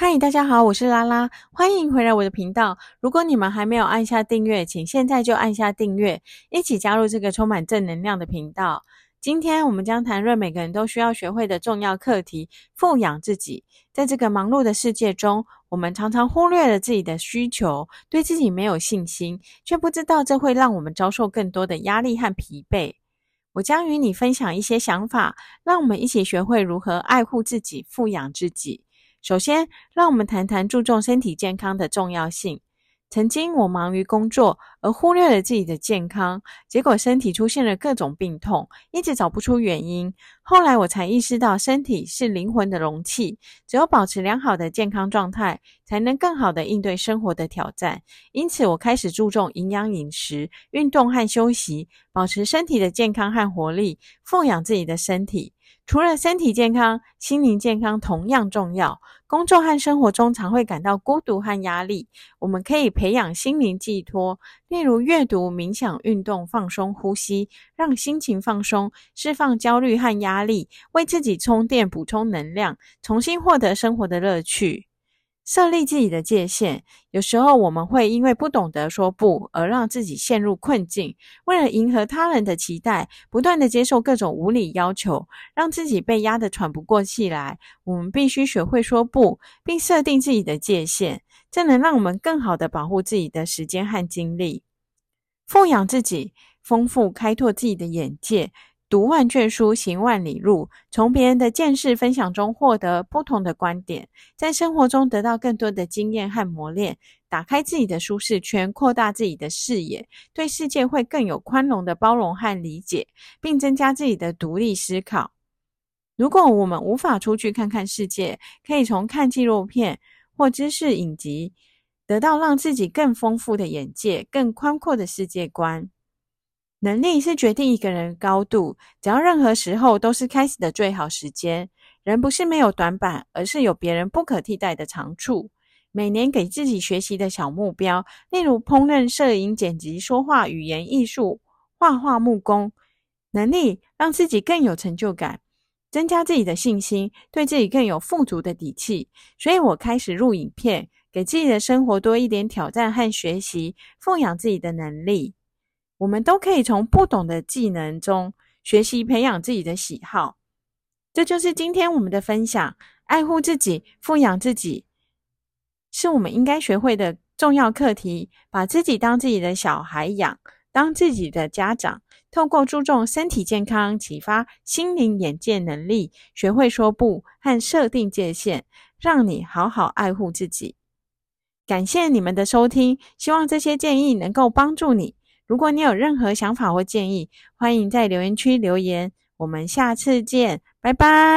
嗨，大家好，我是拉拉，歡迎回來我的頻道。如果你們還沒有按下訂閱，請現在就按下訂閱，一起加入這個充滿正能量的頻道。今天我們將談論每個人都需要學會的重要課題——富養自己。在這個忙碌的世界中，我們常常忽略了自己的需求，對自己沒有信心，卻不知道這會讓我們遭受更多的壓力和疲憊。我將與你分享一些想法，讓我們一起學會如何愛護自己，富養自己。首先，讓我們談談注重身體健康的重要性。曾經，我忙於工作而忽略了自己的健康，結果身體出現了各種病痛，一直找不出原因。後來，我才意識到身體是靈魂的容器，只有保持良好的健康狀態，才能更好的應對生活的挑戰。因此，我開始注重營養飲食、運動和休息，保持身體的健康和活力，富養自己的身體。除了身體健康，心靈健康同樣重要。工作和生活中常會感到孤獨和壓力，我們可以培養心靈寄託，例如閱讀、冥想、運動、放鬆呼吸，讓心情放鬆，釋放焦慮和壓力，為自己充電，補充能量，重新獲得生活的樂趣。設立自己的界限，有時候我們會因為不懂得說不而讓自己陷入困境。為了迎合他人的期待，不斷地接受各種無理要求，讓自己被壓得喘不過氣來。我們必須學會說不，並設定自己的界限，這能讓我們更好地保護自己的時間和精力，富養自己，豐富開拓自己的眼界。讀萬卷書，行萬里路，從別人的見識分享中獲得不同的觀點，在生活中得到更多的經驗和磨練，打開自己的舒適圈，擴大自己的視野，對世界會更有寬容的包容和理解，並增加自己的獨立思考。如果我們無法出去看看世界，可以從看紀錄片或知識影集，得到讓自己更豐富的眼界，更寬闊的世界觀。能力是決定一個人高度。只要任何時候都是開始的最好時間。人不是沒有短板，而是有別人不可替代的長處。每年給自己學習的小目標，例如烹飪、攝影、剪輯、說話、語言、藝術、畫畫、木工，能力讓自己更有成就感，增加自己的信心，對自己更有富足的底氣。所以，我開始錄影片，給自己的生活多一點挑戰和學習，富養自己的能力。我們都可以從不懂的技能中學習，培養自己的喜好。這就是今天我們的分享：愛護自己，富養自己，是我們應該學會的重要課題。把自己當自己的小孩養，當自己的家長，透過注重身體健康，啟發心靈、眼界能力，學會說不和設定界限，讓你好好愛護自己。感謝你們的收聽，希望這些建議能夠幫助你。如果你有任何想法或建議，歡迎在留言區留言。我們下次見，拜拜。